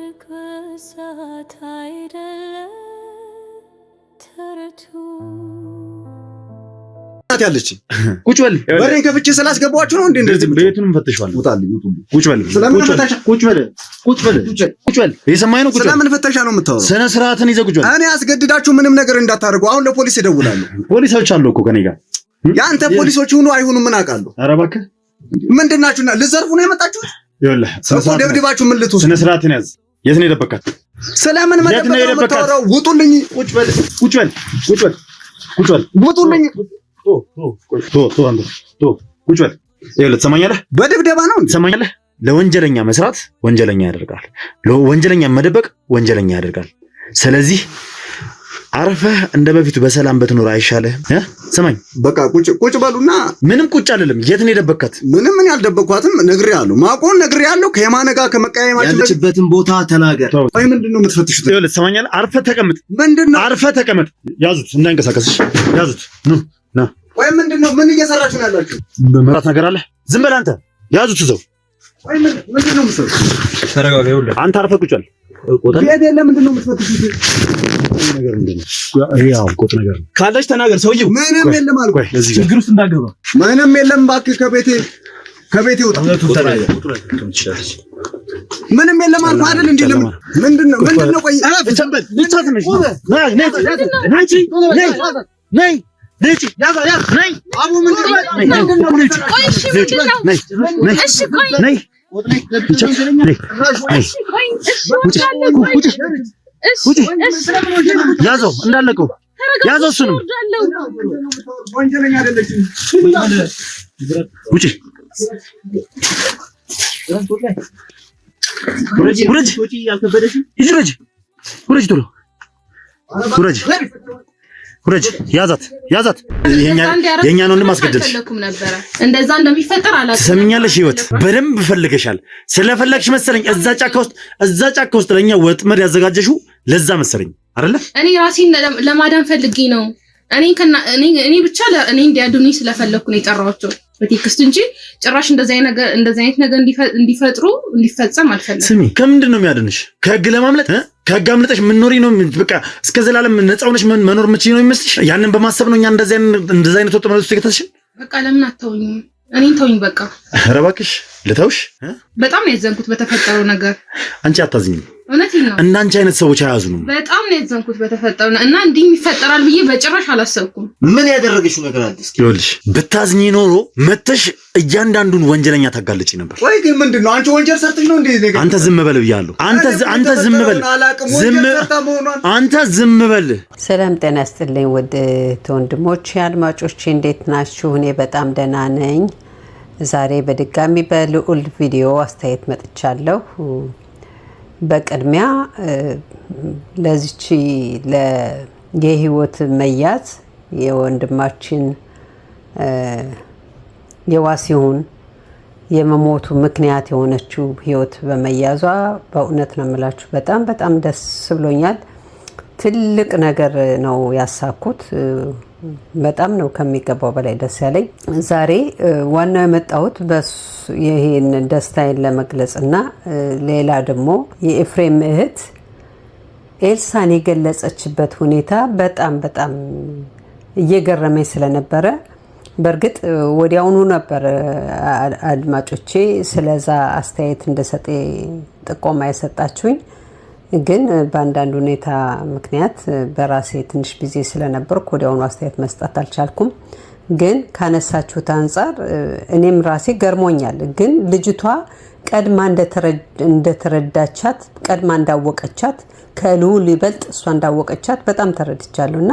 ወርቅ ብዛት አይደለም ተረቱ ያለች ቁጭ በል በሬ ከፍቼ ስላስገባኋችሁ ነው እንዴ? እንደዚህ ቤቱንም ፈተሽዋል። ውጣልኝ፣ ቁጭ በል ፈተሻ? ቁጭ በል ቁጭ በል ቁጭ በል የሰማኸኝ ነው። ቁጭ በል ስለምን ፈተሻ ነው የምታወራው? ስነ ስርዓትን ይዘህ ቁጭ በል። እኔ አስገድዳችሁ ምንም ነገር እንዳታደርጉ። አሁን ለፖሊስ እደውላለሁ። ፖሊሶች አሉ እኮ ከኔ ጋር። የአንተ ፖሊሶች ሁኑ አይሁኑ ምን አውቃለሁ። ኧረ እባክህ ምንድን ናችሁና ልዘርፉ ነው የመጣችሁት? ይኸውልህ ደብድባችሁ ምን ልትወስድ? ስነ ስርዓትን ያዝ የት ነው የደበካት? ስለምን መደበቅ ነው የምታወራው? ውጡልኝ! ቁጭ በል ቁጭ በል ቁጭ በል ቁጭ በል ውጡልኝ! ቶ ቶ ቶ ቶ ቁጭ በል ይኸውልህ፣ ትሰማኛለህ? በድብደባ ነው ትሰማኛለህ? ለወንጀለኛ መስራት ወንጀለኛ ያደርጋል። ለወንጀለኛ መደበቅ ወንጀለኛ ያደርጋል። ስለዚህ አርፈህ እንደ በፊቱ በሰላም በትኖር አይሻልህ? ስማኝ፣ በቃ ቁጭ ቁጭ በሉና። ምንም ቁጭ አልልም። የት ነው የደበካት? ምንም እኔ አልደበኳትም። ነግሬሃለሁ፣ ማቆን ነግሬሃለሁ። ከየማነ ጋር ከመቀያየማችን ያለችበትን ቦታ ተናገር። ወይ ምንድን ነው የምትፈትሹት? ይኸውልህ፣ ትሰማኛለህ? አርፈህ ተቀመጥ። ምንድን ነው? አርፈህ ተቀመጥ። ያዙት፣ እንዳይንቀሳቀስ ያዙት። ኑ ና። ወይ ምንድን ነው? ምን እየሰራችሁ ነው ያላችሁ? መራት ነገር አለ። ዝም በል አንተ። ያዙት ይዘው። ወይ ምንድን ነው የምትሰሩት? ተረጋጋ። ይኸውልህ፣ አንተ አርፈህ ቁጭ አልክ። ቤት የለም። ምንድን ነው የምትፈትሹት? ነገር ቁጥ ነገር ነው ካለች ተናገር። ሰውዬው ምንም የለም አልኩህ፣ ችግር ውስጥ እንዳገባ ምንም የለም። እባክህ ከቤቴ ከቤቴ ውጣ። ምንም የለም አልኩህ አይደል? እንዴ ለምን ምንድነው? ምንድነው? ቆይ ነው? ቆይ ብቻ ትነሽ ነይ ነይ ነይ ነይ ነይ ነይ ነይ ነይ ነይ ያዘው እንዳለቀው ያዘው። እሱንም ውጪ ውረጅ፣ ውረጅ፣ ቶሎ ውረጅ፣ ውረጅ። ያዛት፣ ያዛት። የእኛን ወንድም አስገደልሽ። እንደዛ እንደሚፈጠር አላውቅም። ትሰሚኛለሽ? ህይወት በደንብ ፈልገሻል። ስለፈለግሽ መሰለኝ እዛ ጫካ ውስጥ እዛ ጫካ ውስጥ ለእኛ ወጥመድ ያዘጋጀሽው ለዛ መሰለኝ አይደለ? እኔ ራሴን ለማዳን ፈልጌ ነው። እኔ ከና እኔ ብቻ እኔ እንዲያዱኒ ስለፈለኩ ነው የጠራኋቸው በቴክስት እንጂ ጭራሽ እንደዚህ አይነት ነገር እንደዚህ አይነት ነገር እንዲፈጥሩ እንዲፈጸም አልፈለኩም። ስሚ፣ ከምንድን ነው የሚያድንሽ? ከህግ ለማምለጥ ከህግ አምለጠሽ ምንኖሪ ነው? በቃ እስከ ዘላለም ነፃ ሆነሽ መኖር የምትችይ ነው የሚመስልሽ? ያንን በማሰብ ነው እኛ እንደዚህ አይነት እንደዚህ አይነት ወጥ ማለት ውስጥ በቃ ለምን አታውኝም? እኔን ተውኝ በቃ። ኧረ እባክሽ ልተውሽ። በጣም ነው ያዘንኩት በተፈጠረው ነገር። አንቺ አታዝኝም እናንቺ አይነት ሰዎች አያዝኑም። በጣም ነው ያዘንኩት በተፈጠሩ እና እንዲህ ይፈጠራል ብዬ በጭራሽ አላሰብኩም። ምን ያደረገችው ነገር አለ? እስኪ ይኸውልሽ፣ ብታዝኝ ኖሮ መተሽ እያንዳንዱን ወንጀለኛ ታጋለጪ ነበር። ወይ ግን ምንድን ነው አንቺ ወንጀል ሰርተሽ ነው እንዴ? አንተ ዝም በል ብያለሁ። አንተ አንተ ዝም በል ዝም አንተ ዝም በል። ሰላም ጤና ይስጥልኝ ውድ ወንድሞቼ አድማጮቼ፣ እንዴት ናችሁ? እኔ በጣም ደህና ነኝ። ዛሬ በድጋሚ በልዑል ቪዲዮ አስተያየት መጥቻለሁ። በቅድሚያ ለዚቺ የህይወት መያዝ የወንድማችን የዋሲሁን የመሞቱ ምክንያት የሆነችው ህይወት በመያዟ በእውነት ነው የምላችሁ በጣም በጣም ደስ ብሎኛል። ትልቅ ነገር ነው ያሳኩት። በጣም ነው ከሚገባው በላይ ደስ ያለኝ። ዛሬ ዋናው የመጣሁት ይህን ደስታዬን ለመግለጽ እና ሌላ ደግሞ የኤፍሬም እህት ኤልሳን የገለጸችበት ሁኔታ በጣም በጣም እየገረመኝ ስለነበረ በእርግጥ ወዲያውኑ ነበር አድማጮቼ ስለዛ አስተያየት እንደሰጠ ጥቆማ የሰጣችሁኝ። ግን በአንዳንድ ሁኔታ ምክንያት በራሴ ትንሽ ጊዜ ስለነበርኩ ወዲያውኑ አስተያየት መስጠት አልቻልኩም። ግን ካነሳችሁት አንጻር እኔም ራሴ ገርሞኛል። ግን ልጅቷ ቀድማ እንደተረዳቻት ቀድማ እንዳወቀቻት ከልዑል ይበልጥ እሷ እንዳወቀቻት በጣም ተረድቻለሁ እና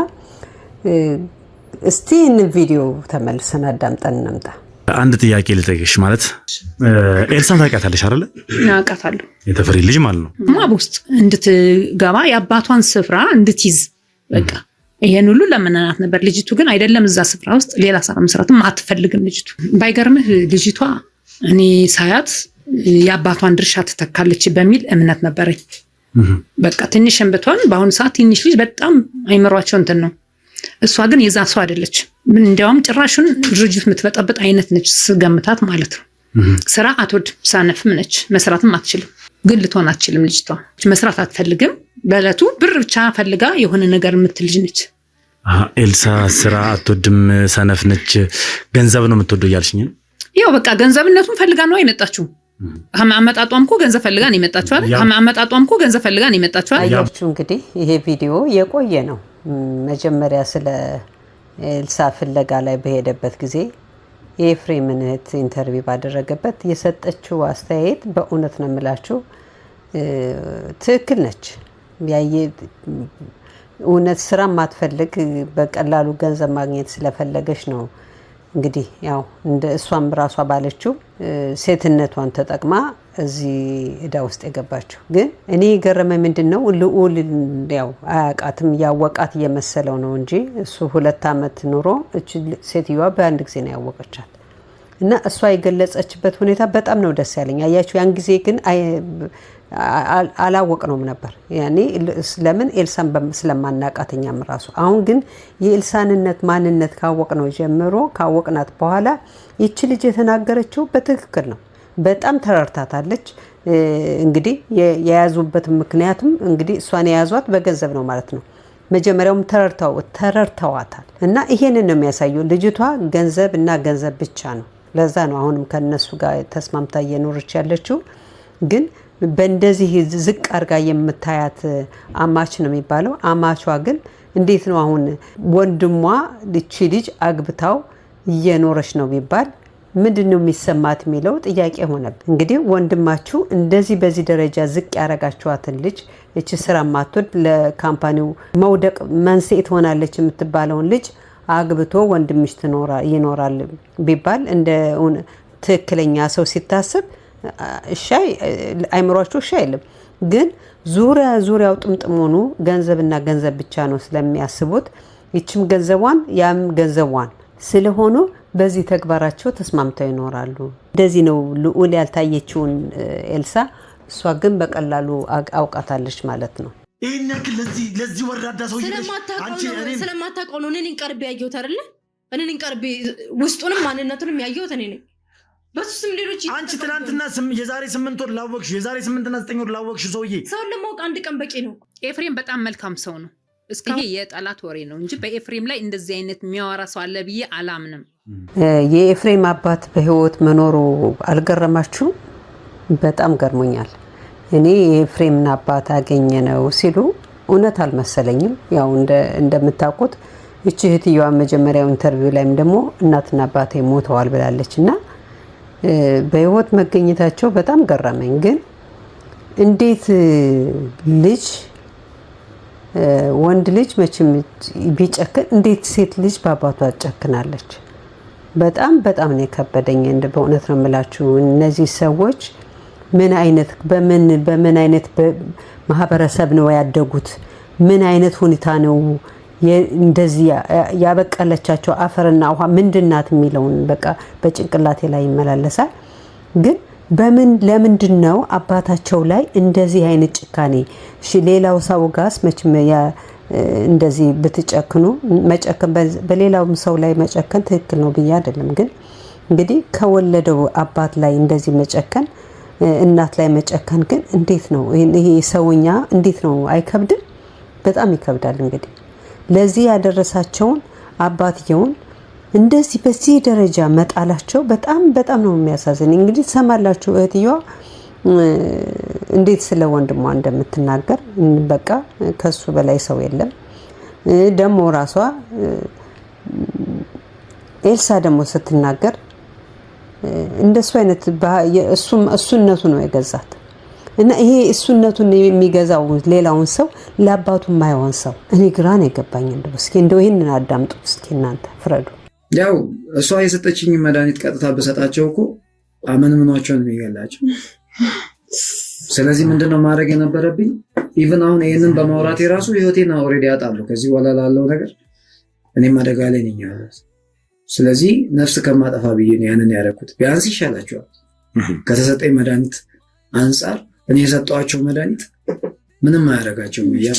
እስቲ ይህን ቪዲዮ ተመልሰን አዳምጠን እንምጣ። አንድ ጥያቄ ልጠይቅሽ። ማለት ኤልሳን ታውቂያታለሽ አይደለ? አውቃታለሁ። የተፈሪ ልጅ ማለት ነው። ማብ ውስጥ እንድትገባ የአባቷን ስፍራ እንድትይዝ በቃ ይሄን ሁሉ ለምንናት ነበር። ልጅቱ ግን አይደለም እዛ ስፍራ ውስጥ ሌላ ስራ መስራትም አትፈልግም ልጅቱ። ባይገርምህ ልጅቷ እኔ ሳያት የአባቷን ድርሻ ትተካለች በሚል እምነት ነበረኝ። በቃ ትንሽም ብትሆን በአሁኑ ሰዓት ትንሽ ልጅ በጣም አይምሯቸው እንትን ነው እሷ ግን የዛ ሰው አይደለች። እንዲያውም ጭራሹን ድርጅት የምትበጠበጥ አይነት ነች ስገምታት ማለት ነው። ስራ አትወድም፣ ሳነፍም ነች፣ መስራትም አትችልም። ግን ልትሆን አትችልም። ልጅቷ መስራት አትፈልግም። በእለቱ ብር ብቻ ፈልጋ የሆነ ነገር የምትልጅ ነች። ኤልሳ ስራ አትወድም፣ ሰነፍ ነች፣ ገንዘብ ነው የምትወደው እያልሽኝ ያው በቃ ገንዘብነቱን ፈልጋ ነው አይመጣችሁ ከማመጣጧም እኮ ገንዘብ ፈልጋ ነው የመጣችኋል። ከማመጣጧም እኮ ገንዘብ ፈልጋ ነው የመጣችኋል። እንግዲህ ይሄ ቪዲዮ የቆየ ነው። መጀመሪያ ስለ ኤልሳ ፍለጋ ላይ በሄደበት ጊዜ የኤፍሬምን እህት ኢንተርቪው ባደረገበት የሰጠችው አስተያየት በእውነት ነው የምላችሁ ትክክል ነች። ያየ እውነት ስራ ማትፈልግ በቀላሉ ገንዘብ ማግኘት ስለፈለገች ነው። እንግዲህ ያው እንደ እሷም ራሷ ባለችው ሴትነቷን ተጠቅማ እዚህ እዳ ውስጥ የገባቸው። ግን እኔ ገረመ ምንድን ነው ልዑል ያው አያቃትም ያወቃት እየመሰለው ነው እንጂ እሱ ሁለት ዓመት ኑሮ እች ሴትዮዋ በአንድ ጊዜ ነው ያወቀቻት። እና እሷ የገለጸችበት ሁኔታ በጣም ነው ደስ ያለኝ። አያችሁ፣ ያን ጊዜ ግን አላወቅ ነውም ነበር ያኔ ለምን ኤልሳን ስለማናቃት እኛም ራሱ። አሁን ግን የኤልሳንነት ማንነት ካወቅ ነው ጀምሮ ካወቅናት በኋላ ይቺ ልጅ የተናገረችው በትክክል ነው። በጣም ተረርታታለች። እንግዲህ የያዙበት ምክንያቱም እንግዲህ እሷን የያዟት በገንዘብ ነው ማለት ነው። መጀመሪያውም ተረርተዋታል እና ይሄንን ነው የሚያሳየው። ልጅቷ ገንዘብ እና ገንዘብ ብቻ ነው። ለዛ ነው አሁንም ከነሱ ጋር ተስማምታ እየኖረች ያለችው። ግን በእንደዚህ ዝቅ አድርጋ የምታያት አማች ነው የሚባለው። አማቿ ግን እንዴት ነው አሁን ወንድሟ ልቺ ልጅ አግብታው እየኖረች ነው ቢባል ምንድን ነው የሚሰማት የሚለው ጥያቄ ሆነብን። እንግዲህ ወንድማችሁ እንደዚህ በዚህ ደረጃ ዝቅ ያረጋችኋትን ልጅ እች ስራ ማትወድ ለካምፓኒው መውደቅ መንስኤ ትሆናለች የምትባለውን ልጅ አግብቶ ወንድምሽ ይኖራል ቢባል እንደ ትክክለኛ ሰው ሲታስብ ሻይ አይምሯችሁ እሺ አይልም። ግን ዙሪያ ዙሪያው ጥምጥሞኑ ገንዘብና ገንዘብ ብቻ ነው ስለሚያስቡት ይችም ገንዘቧን ያም ገንዘቧን ስለሆኑ በዚህ ተግባራቸው ተስማምተው ይኖራሉ። እንደዚህ ነው ልዑል ያልታየችውን ኤልሳ እሷ ግን በቀላሉ አውቃታለች ማለት ነው። ይህን ያክል ለዚህ ወራዳ ሰው ስለማታውቀው ነው እኔን ቀርቤ ያየሁት አይደለ? እኔን ቀርቤ ውስጡንም ማንነቱንም ያየሁት እኔ ነኝ። በሱስም ሌሎች አንቺ ትናንትና የዛሬ ስምንት ወር ላወቅሽ የዛሬ ስምንትና ዘጠኝ ወር ላወቅሽ ሰውዬ ሰውን ለማወቅ አንድ ቀን በቂ ነው። ኤፍሬም በጣም መልካም ሰው ነው። ይሄ የጠላት ወሬ ነው እንጂ በኤፍሬም ላይ እንደዚህ አይነት የሚያወራ ሰው አለ ብዬ አላምንም። የኤፍሬም አባት በህይወት መኖሩ አልገረማችሁም? በጣም ገርሞኛል። እኔ የኤፍሬምን አባት አገኘ ነው ሲሉ እውነት አልመሰለኝም። ያው እንደምታውቁት እቺ እህትየዋ መጀመሪያው ኢንተርቪው ላይም ደግሞ እናትና አባቴ ሞተዋል ብላለች እና በህይወት መገኘታቸው በጣም ገረመኝ። ግን እንዴት ልጅ ወንድ ልጅ መቼም ቢጨክን እንዴት ሴት ልጅ በአባቷ ትጨክናለች? በጣም በጣም ነው የከበደኝ። በእውነት ነው የምላችሁ እነዚህ ሰዎች ምን አይነት በምን በምን አይነት ማህበረሰብ ነው ያደጉት? ምን አይነት ሁኔታ ነው እንደዚህ ያበቀለቻቸው? አፈርና ውሃ ምንድናት የሚለውን በቃ በጭንቅላቴ ላይ ይመላለሳል ግን በምን ለምንድን ነው አባታቸው ላይ እንደዚህ አይነት ጭካኔ? ሌላው ሰው ጋስ መቼም እንደዚህ ብትጨክኑ መጨከን በሌላውም ሰው ላይ መጨከን ትክክል ነው ብዬ አይደለም። ግን እንግዲህ ከወለደው አባት ላይ እንደዚህ መጨከን፣ እናት ላይ መጨከን ግን እንዴት ነው ይሄ ሰውኛ? እንዴት ነው አይከብድም? በጣም ይከብዳል። እንግዲህ ለዚህ ያደረሳቸውን አባትየውን እንደዚህ በዚህ ደረጃ መጣላቸው በጣም በጣም ነው የሚያሳዝን። እንግዲህ ትሰማላችሁ እህትየዋ እንዴት ስለ ወንድሟ እንደምትናገር በቃ ከሱ በላይ ሰው የለም። ደግሞ ራሷ ኤልሳ ደግሞ ስትናገር እንደሱ አይነት እሱነቱ ነው የገዛት እና ይሄ እሱነቱን የሚገዛው ሌላውን ሰው ለአባቱ የማይሆን ሰው እኔ ግራን የገባኝ። እንደው እስኪ እንደው ይህንን አዳምጡ እስኪ እናንተ ፍረዱ። ያው እሷ የሰጠችኝ መድኃኒት ቀጥታ በሰጣቸው እኮ አመንምኗቸውን የሚገላቸው። ስለዚህ ምንድነው ማድረግ የነበረብኝ? ኢቭን አሁን ይህንን በማውራት የራሱ ህይወቴን ኦልሬዲ አጣለሁ። ከዚህ በኋላ ላለው ነገር እኔም አደጋ ላይ ነኝ። ስለዚህ ነፍስ ከማጠፋ ብዬ ነው ያንን ያደረኩት። ቢያንስ ይሻላቸዋል ከተሰጠኝ መድኃኒት አንጻር እኔ የሰጠኋቸው መድኃኒት ምንም አያደርጋቸውም ብያ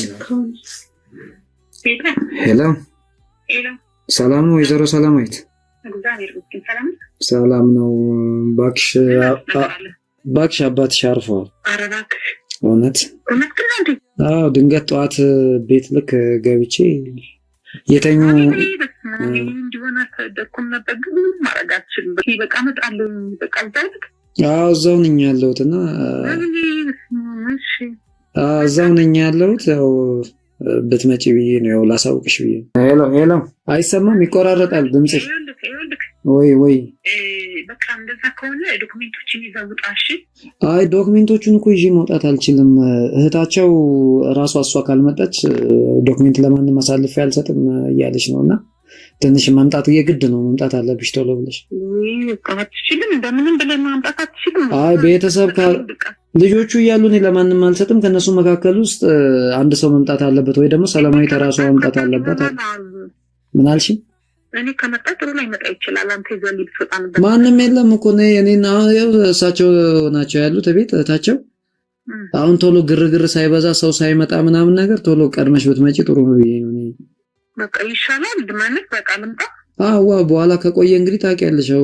ሄሎ ሰላም ነው ወይዘሮ ሰላማዊት? ሰላም ነው። እባክሽ አባትሽ አርፈዋል። እውነት ድንገት ጠዋት ቤት ልክ ገብቼ የተኙ እዛው ነኝ ያለሁት እና እዛው ነኝ ያለሁት ያው ብትመጪ ብዬ ነው ያው ላሳውቅሽ ብዬ ሄሎ ሄሎ አይሰማም ይቆራረጣል ድምፅሽ ወይ ወይ በቃ እንደዛ ከሆነ ዶክሜንቶችን ይዛ አይ ዶክሜንቶቹን እኮ ይዤ መውጣት አልችልም እህታቸው ራሷ እሷ ካልመጣች ዶክሜንት ለማንም አሳልፌ አልሰጥም እያለች ነው እና ትንሽ መምጣቱ የግድ ነው። መምጣት አለብሽ ቶሎ ብለሽ። አትችልም፣ በምንም ብለን ማምጣት አትችልም። አይ ቤተሰብ ልጆቹ እያሉ እኔ ለማንም አልሰጥም። ከእነሱ መካከል ውስጥ አንድ ሰው መምጣት አለበት፣ ወይ ደግሞ ሰላማዊ ተራሷ መምጣት አለበት። ምን አልሽኝ? እኔ ከመጣ ጥሩ ይችላል። አንተ ማንም የለም እኮ እኔ እኔና እሳቸው ናቸው ያሉት ቤት እህታቸው። አሁን ቶሎ ግርግር ሳይበዛ ሰው ሳይመጣ ምናምን ነገር ቶሎ ቀድመሽ ብትመጪ ጥሩ ነው ብዬ በቃ ይሻላል ማለት በቃ ልምጣ። አዋ በኋላ ከቆየ እንግዲህ ታውቂያለሽ፣ ያው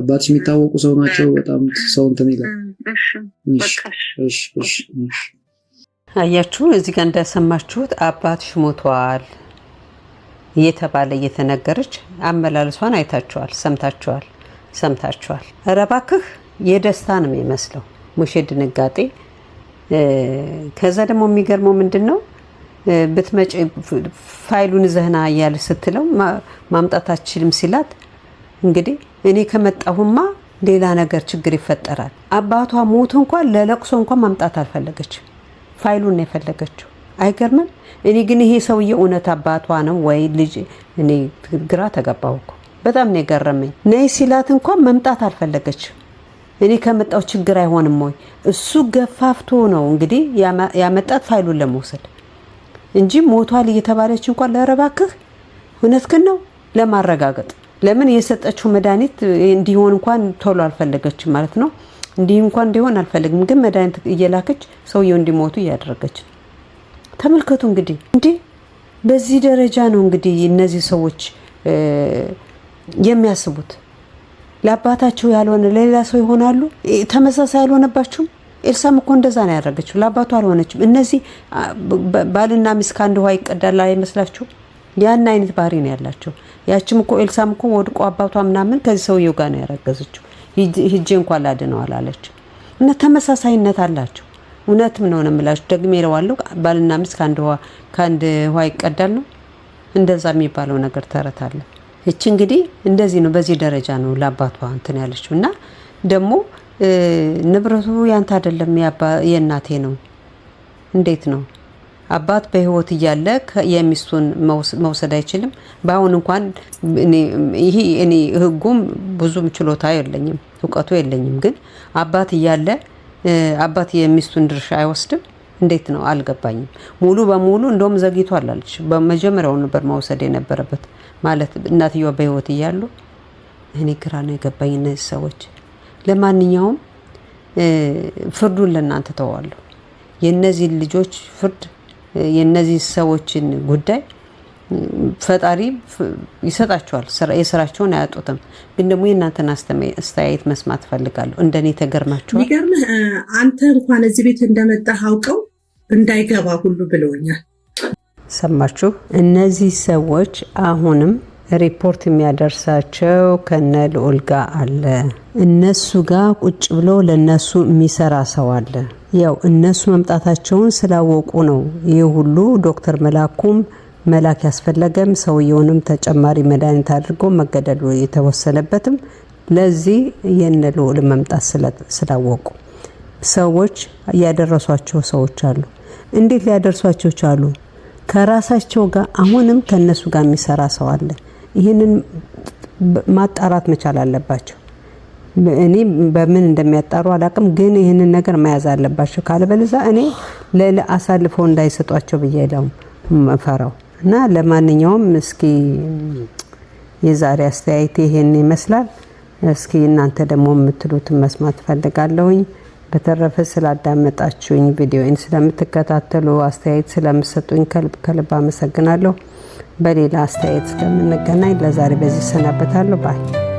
አባትሽ የሚታወቁ ሰው ናቸው። በጣም ሰው እንትን ይላል። አያችሁ እዚህ ጋር እንዳሰማችሁት አባትሽ ሞቷል እየተባለ እየተነገረች አመላለሷን አይታችኋል፣ ሰምታችኋል፣ ሰምታችኋል። ኧረ እባክህ የደስታ ነው የሚመስለው ሙሽ ድንጋጤ። ከዛ ደግሞ የሚገርመው ምንድን ነው ብትመጪ ፋይሉን ዘህና እያለ ስትለው ማምጣት አችልም ሲላት፣ እንግዲህ እኔ ከመጣሁማ ሌላ ነገር ችግር ይፈጠራል። አባቷ ሞት እንኳን ለለቅሶ እንኳን ማምጣት አልፈለገች ፋይሉን ነው የፈለገችው። አይገርምም? እኔ ግን ይሄ ሰውዬ እውነት አባቷ ነው ወይ ልጅ? እኔ ግራ ተገባሁ እኮ በጣም ነው የገረመኝ። ነይ ሲላት እንኳን መምጣት አልፈለገች። እኔ ከመጣው ችግር አይሆንም ወይ? እሱ ገፋፍቶ ነው እንግዲህ ያመጣት ፋይሉን ለመውሰድ እንጂ ሞቷል እየተባለች እንኳን ለረባክህ እውነትህን ነው ለማረጋገጥ ለምን የሰጠችው መድኃኒት እንዲሆን እንኳን ቶሎ አልፈለገችም ማለት ነው። እንዲህ እንኳን እንዲሆን አልፈልግም፣ ግን መድኃኒት እየላከች ሰውየው እንዲሞቱ እያደረገች ነው። ተመልከቱ እንግዲህ እንዲህ በዚህ ደረጃ ነው እንግዲህ እነዚህ ሰዎች የሚያስቡት። ለአባታቸው ያልሆነ ለሌላ ሰው ይሆናሉ። ተመሳሳይ አልሆነባችሁም? ኤልሳም እኮ እንደዛ ነው ያደረገችው። ለአባቱ አልሆነችም። እነዚህ ባልና ሚስት ከአንድ ውሃ ይቀዳል አይመስላችሁ? ያን አይነት ባህሪ ነው ያላቸው። ያችም እኮ ኤልሳም እኮ ወድቆ አባቷ ምናምን ከዚህ ሰውየው ጋር ነው ያረገዘችው። ሂጄ እንኳን ላድነው አለች። እና ተመሳሳይነት አላቸው። እውነትም ነው ነው የምላችሁ። ደግሜ እለዋለሁ። ባልና ሚስት ከአንድ ውሃ ይቀዳል ነው እንደዛ የሚባለው ነገር ተረት አለ። እች እንግዲህ እንደዚህ ነው። በዚህ ደረጃ ነው ለአባቷ እንትን ያለችው እና ደግሞ ንብረቱ ያንተ አይደለም የእናቴ ነው። እንዴት ነው አባት በህይወት እያለ የሚስቱን መውሰድ አይችልም? በአሁን እንኳን ይሄ እኔ ህጉም ብዙም ችሎታ የለኝም እውቀቱ የለኝም። ግን አባት እያለ አባት የሚስቱን ድርሻ አይወስድም? እንዴት ነው አልገባኝም። ሙሉ በሙሉ እንደውም ዘግይቶ አላለች በመጀመሪያው ነበር መውሰድ የነበረበት ማለት እናትየዋ በህይወት እያሉ እኔ ግራ ነው የገባኝ እነዚህ ሰዎች ለማንኛውም ፍርዱን ለእናንተ ተዋለሁ። የነዚህ ልጆች ፍርድ የነዚህ ሰዎችን ጉዳይ ፈጣሪ ይሰጣቸዋል። የስራቸውን አያጡትም። ግን ደግሞ የእናንተን አስተያየት መስማት ፈልጋለሁ። እንደኔ ተገርማቸዋል። ሚገርምህ አንተ እንኳን እዚህ ቤት እንደመጣ አውቀው እንዳይገባ ሁሉ ብለውኛል። ሰማችሁ? እነዚህ ሰዎች አሁንም ሪፖርት የሚያደርሳቸው ከነ ልዑል ጋ አለ። እነሱ ጋር ቁጭ ብሎ ለእነሱ የሚሰራ ሰው አለ። ያው እነሱ መምጣታቸውን ስላወቁ ነው ይህ ሁሉ ዶክተር መላኩም መላክ ያስፈለገም ሰውየውንም ተጨማሪ መድኃኒት አድርጎ መገደሉ የተወሰነበትም ለዚህ የነ ልዑል መምጣት ስላወቁ ሰዎች ያደረሷቸው ሰዎች አሉ። እንዴት ሊያደርሷቸው ቻሉ? ከራሳቸው ጋር አሁንም ከእነሱ ጋር የሚሰራ ሰው አለ። ይህንን ማጣራት መቻል አለባቸው። እኔ በምን እንደሚያጣሩ አላቅም፣ ግን ይህንን ነገር መያዝ አለባቸው። ካለበለዛ እኔ አሳልፈው እንዳይሰጧቸው ብዬ ለው መፈራው እና ለማንኛውም እስኪ የዛሬ አስተያየት ይሄን ይመስላል። እስኪ እናንተ ደግሞ የምትሉትን መስማት ፈልጋለሁኝ። በተረፈ ስላዳመጣችሁኝ፣ ቪዲዮን ስለምትከታተሉ፣ አስተያየት ስለምሰጡኝ ከልብ ከልብ አመሰግናለሁ። በሌላ አስተያየት እስከምንገናኝ ለዛሬ በዚህ እሰናበታለሁ ባይ